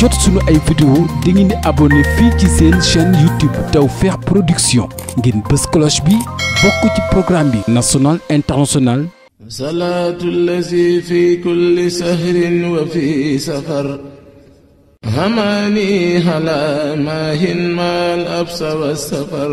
jot suñu ay vidéo da ngeen di fii ci seen chaîne YouTube Tawfekh Production ngeen bës cloche bi bokk ci programme bi national international salaatu llazi fi kulli sahrin wa fi safar hamani hala mahin mal absa wa safar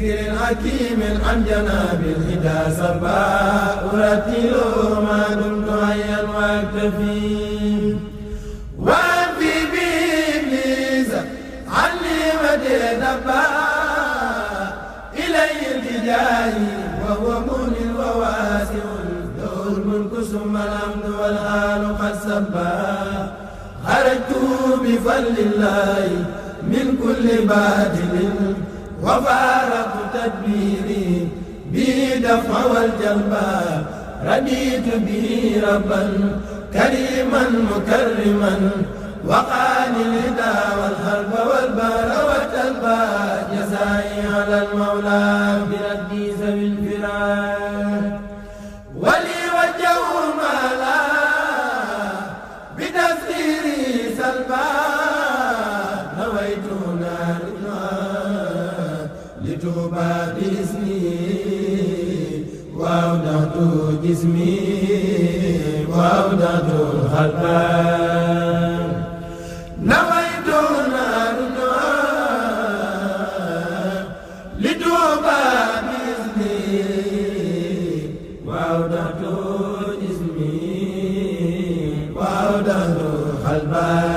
بذكر حكيم عن جناب الهدى سبا أرتل ما دمت حيا واكتفي وانفي بإبليس عني وتدبا إليه التجاه وهو مهن وواسع له الملك ثم الحمد والآل قد سبا خرجت بفضل الله من كل باطل وفارق تدبيري به دفع والجلب رديت به ربا كريما مكرما وقاني الهدى والحرب والبار والتلبى جزائي على المولى بردي Touba bismi waaw daxtu jismi waaw daxtu xalbaan nawaytu naaruna li Touba bismi waaw daxtu jismi waaw daxtu xalbaan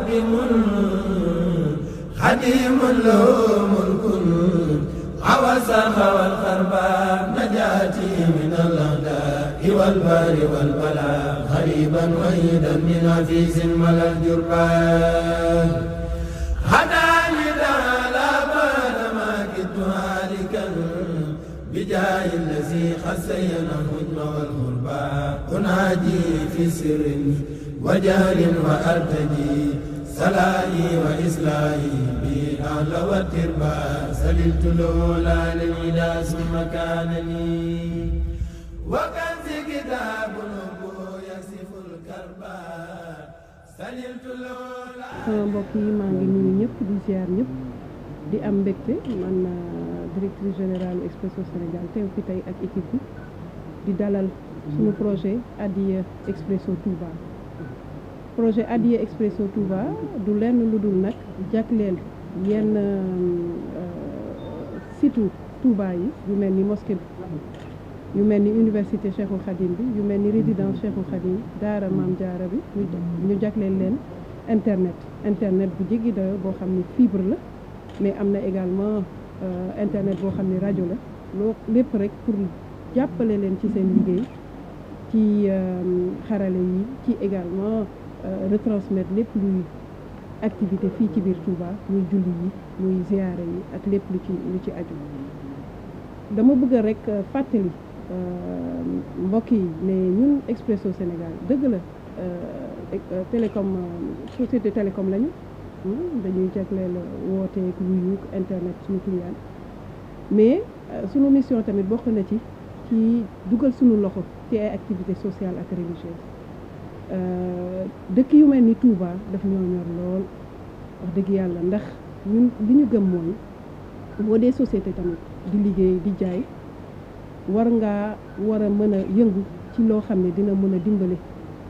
خادم خديم له ملك عوز خوى الخرباء نجاتي من الاعداء والبار والبلاء غريبا وحيدا من عزيز ملا الجربان هداني تعالى بعد ما كدت هالكا بجاه الذي خسينا الهجم والغرباء انادي في سر وجهل وارتجي سلائي وإسلائي بالأهل والتربى سلمت له لا للغدا ثم كانني وكنز كتاب النبوة يصف الكربى سلمت له لا sama mbokk yi maa ngi nuyu ñëpp di ziar ñëpp di am mbégte man directrice générale Expresso Sénégal teew fi tey ak équipe bi di dalal suñu projet Adiya Expresso Touba projet Adiya Expresso Touba du lenn lu dul nag jagleel yenn euh, situ Touba yi yu mel ni mosquée bi yu mel ni université Cheikhul Khadim bi yu mel ni résidence Cheikhul Khadim daara Maam Jaara bi ñu jagleel leen internet internet bu jéggi dayo boo xam ni fibre la mais am na également euh, internet boo xam ni rajo la loo lépp rek pour jàppale leen ci seen liggéey ci euh, xarale yi ci également Euh, retransmettre lépp luy activité fii ci biir Touba muy julli yi muy ziyaare yi ak lépp lu ci lu ci aju dama bëgg rek euh, fàttali euh, mbokk yi ne ñun Expresso Sénégal dëgg la e-, télécom société télécom lañu hmm, dañuy jagleel wooteek wuyuuk internet suñu client mais suñu mission tamit bokk na ci ci dugal sunu loxo ci ay activité sociale ak religieuse Euh, dëkk yu mel ni Touba daf ñoo ñor lool wax dëgg yàlla ndax ñun li ñu gëm mooy boo dee société tamit di liggéey di jaay war ngaa war a mën a yëngu ci loo xam ne dina mën a dimbali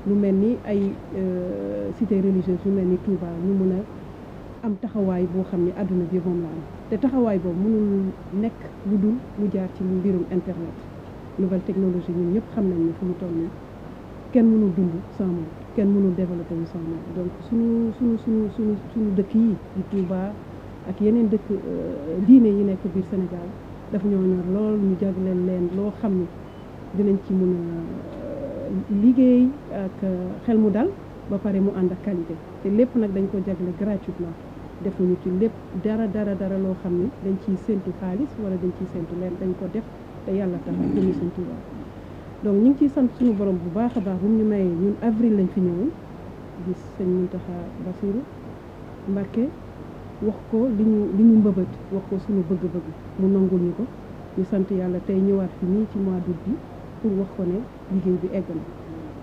lu mel ni ay euh, cité religieuse yu mel ni Touba ñu mën a am taxawaay boo xam ni àdduna bi moom la am te taxawaay boobu mënul nekk lu dul mu jaar ci mbirum internet nouvelle technologie ñun ñëpp xam nañ ni fu mu toll nii kenn mënul dund sans moom kenn mënul développé wu sans moom donc suñu suñu suñu suñu suñu dëkk yi di Touba ak yeneen dëkk euh, diine yi nekk biir Sénégal dafa ñoo ñor lool ñu jagleel leen loo xam ne dinañ ci mën a euh, liggéey ak euh, xel mu dal ba pare mu ànd ak qualité te lépp nag dañ ko jagle gratuitement defuñu ci lépp dara dara dara loo xam ne dañ ciy séntu xaalis wala dañ ciy séntu leen dañ ko def te yàlla tax ak suñu Touba donc ñu ngi ciy sant suñu borom bu baax a baax bu ñu mayee ñun avril lañ fi ñëwoon gis sëñ Mountakha Bassirou Mbacké wax ko li ñu li ñu mbëbët wax ko suñu bëgg-bëgg mu nangul ñu ko ñu sant yàlla tey ñëwaat fi nii ci mois d'août bi pour wax ko ne liggéey bi egg na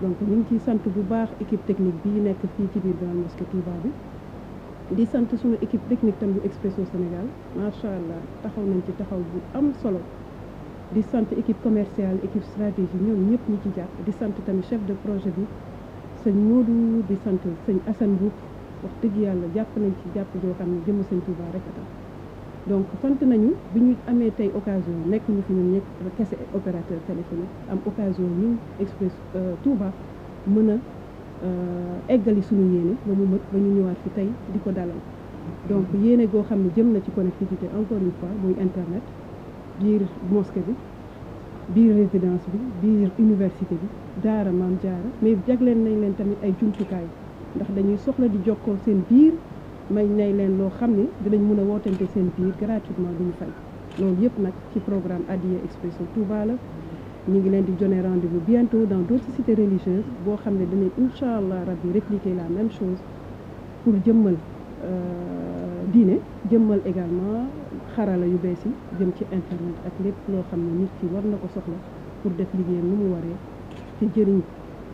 donc ñu ngi ciy sant bu baax équipe technique bi nekk fii ci biir Grande Mosquée Touba bi di sant suñu équipe technique tam bu Expresso Sénégal macha allah taxaw nañ ci taxaw bu am solo di sant équipe commerciale équipe stratégie ñoom ñëpp ñi ci jàpp di sant tamit chef de projet bi sëñ Modou di sant sëñ Assane Boub wax dëgg yàlla jàpp nañ ci jàpp goo xam ne jëm sëñ Touba rek a tax donc sant nañu bi ñu amee tey occasion nekk ñu fi ñun ñëpp kese opérateur téléphonique am occasion ñu express euh, Touba mën a euh, eggali suñu yéene ba mu mët ba ñu ñëwaat fi tey di ko dalal donc yéene goo xam ne jëm na ci connectivité encore une fois muy internet biir mosquée bi biir résidence bi biir université bi daara maam jaara mais jagleen nañ leen tamit ay jumtukaay ndax dañuy soxla di jokkoo seen biir may nay leen loo xam ne dinañ mën a wootante seen biir gratuitement duñu fay loolu yëpp nag ci programme Hadiya Expresso Touba la ñu ngi leen di donner rendez-vous bientôt dans d'autres cités religieuses boo xam ne dinañ incha allah rabbi répliquer la même chose pour jëmmal euh, diine jëmmal également xarala yu bees yi jëm ci internet ak lépp loo xam ne nit ki war na ko soxla pour def liggéeyam ni mu waree ci jëriñ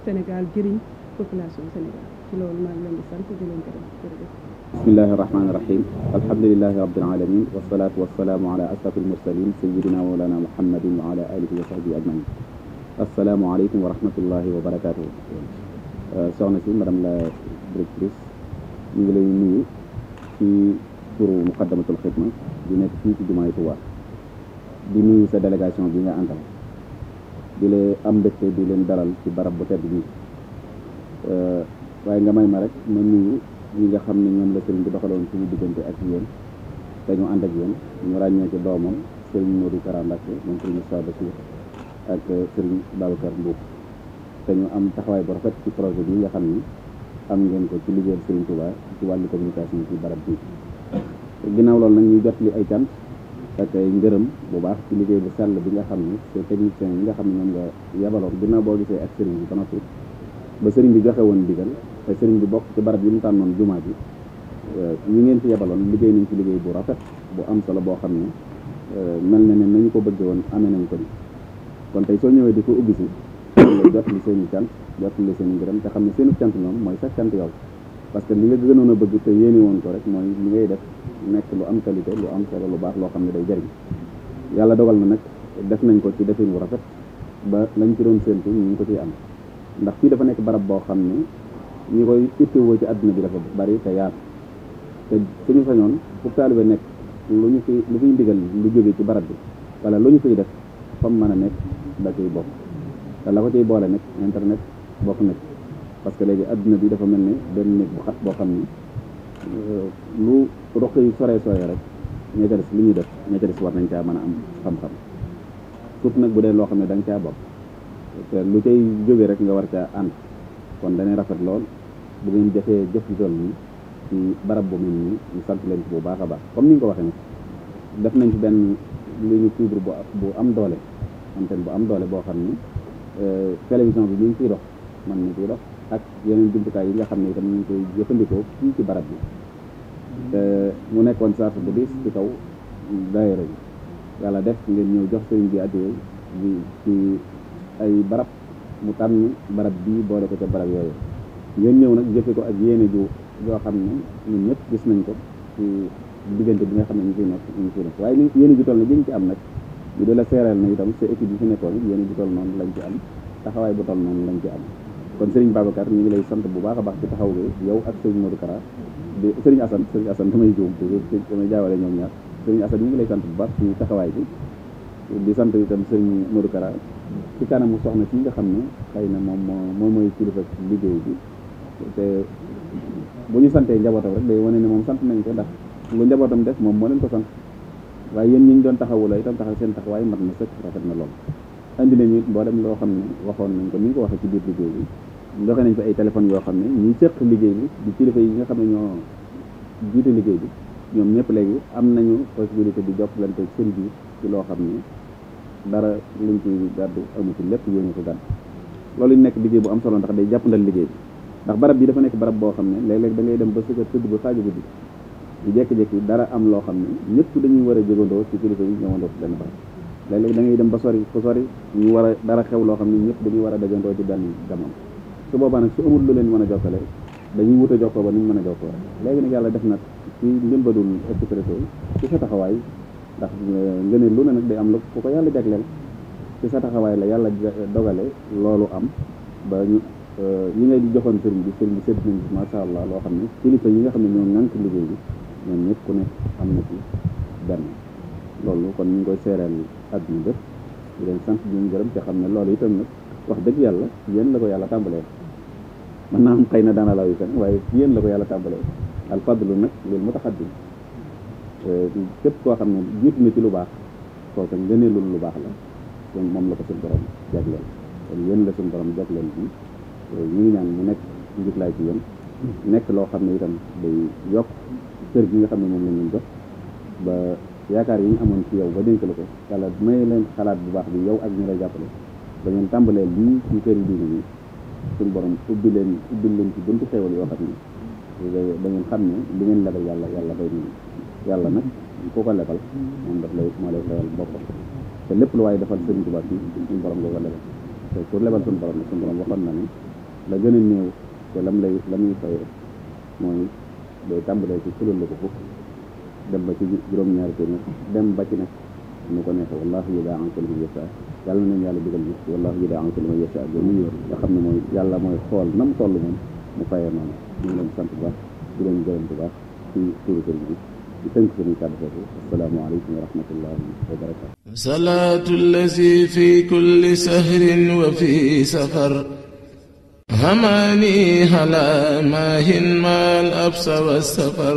Sénégal jëriñ population Sénégal ci loolu maa ngi leen di sant di leen gërëm jërëjëf bismillahi irrahmani irahim alhamdulilahi rabilalamin wasalatu wasalaamu ala ashraf almursalin sayidina mawlana muhammadin wa ala alihi wa sahbihi ajmain asalaamualeykum wa rahmatullahi wa barakatuhu euh, soxna si madame la directrice ñu ngi lay nuyu ci turu muqaddamatul xidma di nekk fii ci jumaay Tuubaa di nuyu sa délégation bi nga àndal di leen am mbégte di leen dalal ci barab bu tedd nii waaye nga may ma rek ma nuyu ñi nga xam ne ñoom la sëriñ bi doxaloon suñu diggante ak yéen te ñu ànd ak yéen ñu ràññee ci doomam sëriñ Modou Kara Mbacké moom sëriñ Moustapha Bassirou ak sëriñ Babacar Mbuub te ñu am taxawaay bu rafet ci projet bi nga xam ni am ngeen ko ci liggéeyal sëriñ Tuubaa ci wàllu communication ci barab bi ginnaaw loolu nag ñu jot li ay cant ak ay ngërëm bu baax ci liggéey bu sell bi nga xam ne te technicien yi nga xam ne ñoom nga yebaloon ginnaaw boo gisee ak sëriñ bi ba noppi ba sëriñ bi joxe woon digal te sëriñ bi bokk ci barab yi mu tànnoon jumaa ji eh, ñu ngeen fi yebaloon liggéey nañ ci liggéey bu rafet bu am solo boo xam ne eh, mel na ne nañu ko bëgg woon amee nañ ko ni kon tey soo ñëwee di ko ubbi si jot li seen cant jot li seen i ngërëm te xam ne seenu cant ñoom mooy sax yow parce que li nga bëgg te woon ko rek mooy li ngay def nekk lu am qualité lu am solo lu baax loo xam ne day jëriñ yàlla dogal na nag def nañ ko ci defin wu rafet ba lañ ci doon séentu ñu ngi ko ciy am ndax fii dafa nekk barab boo xam ne ñi koy ittewoo ci àdduna bi dafa bari te yaatu te suñu sañoon fu taalibe nekk lu ñu fi lu fiy ndigal lu jóge ci barab bi wala lu ñu fiy def fam mën a nekk da ciy bokk te la ko ciy boole nag internet bokk na ci parce que léegi àdduna bi dafa mel ne benn néeg bu xat boo xam ni lu roq yu sore soree rek ña ca des li ñuy def ña ca des war nañ caa mën a am xam-xam surtout nag bu dee loo xam ne da nga caa bokk te lu cay jóge rek nga war caa ànd kon dañuy rafet lool bu ngeen jafee jëf ju toll nii ci barab bu mel nii ñu leen ci bu baax a baax comme ni nga ko waxee nag def nañ ci benn lu ñu fibre bu bu am doole antenne bu am doole boo xam ni euh, télévision bi ñu ngi ciy dox man ñu ciy dox ak yeneen jumtukaay yi nga xam ne itam ñu ngi koy jëfandikoo fii ci barab bi te mu nekkoon saasa bu diis ci kaw daayira yi yàlla def ngeen ñëw jox sëriñ bi addiya bi ci ay barab mu tànn barab bii boole ko ca barab yooyu ngeen ñëw nag jëfe ko ak yéene ju yoo xam ne ñun ñëpp gis nañ ko ci diggante bi nga xam ne ñu fiy nekk waaye ni yéene ju toll na jën ci am nag ñu di la seereel na itam sa équipe yi fi nekkoon it yéene ju toll noonu lañ ci am taxawaay bu toll noonu lañ ci am kon Serigne Babacar ñu ngi lay sant bu baax a baax ci taxaw gi yow ak Serigne Modou Kara di Serigne Assane Serigne Assane damay juum damay jaawale ñoom ñaar Serigne Assane ñu ngi lay sant bu baax ci taxawaay bi di sant itam Serigne Modou Kara ci kanamu soxna si nga xam ne xëy na moom moom mooy kilifa liggéey bi te bu ñu santee njabootam rek day wane ne moom sant nañ ko ndax lu njabootam def moom moo leen ko sant waaye yéen ñi ñu doon taxawuloo itam taxaw seen taxawaay mat na sëkk rafet na lool. andi nañu it mboolem loo xam ne waxoon nañ ko ni ñu ko waxee ci biir liggéey bi joxe nañ fa ay téléphone yoo xam ne ñi seq liggéey bi di kilifa yi nga xam ne ñoo jiite liggéey bi ñoom ñëpp léegi am nañu possibilité di jokkalante seen biir ci loo xam ne dara luñ ci gàddu amu ci lépp yéen ko gàddu loolu nekk liggéey bu am solo ndax day jàppandal liggéey bi ndax barab bi dafa nekk barab boo xam ne léeg-léeg da ngay dem ba suka tëdd ba xaaju guddi di jékki-jékki dara am loo xam ne ñëpp dañuy war a jógandoo ci kilifa yi ñëwandoo ci benn barab léeg-léeg da dem ba sori fu sori ñu war a dara xew loo xam ne ñëpp dañuy war a dajandoo ci benn jamono su boobaa nag su amul lu leen mën a jokkale dañuy wut a jokkoo ba ñu mën a jokkoo léegi nag yàlla def nag ci njëlbadul Expresso ci sa taxawaay ndax eh, nga ne lu ne nag day am la ku yàlla jagleel ci sa taxawaay la yàlla dogale loolu am ba ñu eh, ñi ngay di joxoon sëriñ bi sëriñ bi sëdd allah loo xam ne kilifa yi nga xam ne ñoo ŋànk liggéey bi ñoom ñëpp ku nekk am na ci benn loolu kon ñu ngi koy seereel àdduna bépp di leen sant xam ne loolu itam nag wax dëgg yàlla yéen la ko yàlla tàmbalee mën naa am xëy na daana law yi kan waaye yéen la ko yàlla tàmbalee al fadlu nag loolu mu tax addim képp koo xam ne jiitu na ci lu baax kooku ngëneelul lu baax la kon moom la ko suñ borom jagleel kon yéen la suñ borom jagleel bi ñu ngi ñaan mu nekk njiglaay ci yéen nekk loo xam ne itam day yokk kër gi nga xam ne moom la jox yaakaar yi ñu amoon ci yow ba dénk la ko yàlla may leen xalaat bu baax bi yow ak ñu lay jàppale ba ngeen tàmbalee lii ci këri diine yi suñu borom ubbi leen ubbi leen ci buntu xewal yoo xam ne da ngeen xam ne li yàlla yàlla day ñëw yàlla nag ku ko lebal moom daf lay moo te lépp lu waaye defal sëriñ Tuubaa ci suñu borom nga ko lebal te pour lebal suñu na ne la gën a néew te lam lay la muy fayee mooy day tàmbalee ci fulal la ko fukk dem ba ci juróom-ñaari téeméer dem ba ci nag mu ko neexee wallaahu yudaa an kulli man yashaa yàlla nañu yàlla digal ñu wallaahu yudaa an kulli man yashaa ba muy yor nga xam ne mooy yàlla mooy xool nam toll moom mu fayee noonu ñu ngi leen sant bu baax di leen gërëm bu baax ci turu sëriñ bi di tënk suñu kàddu foofu asalaamaaleykum wa rahmatullahi wa barakaatu salaatu llazi fi kulli sahrin wa fi safar هماني هلا ماهن ما الأبس والسفر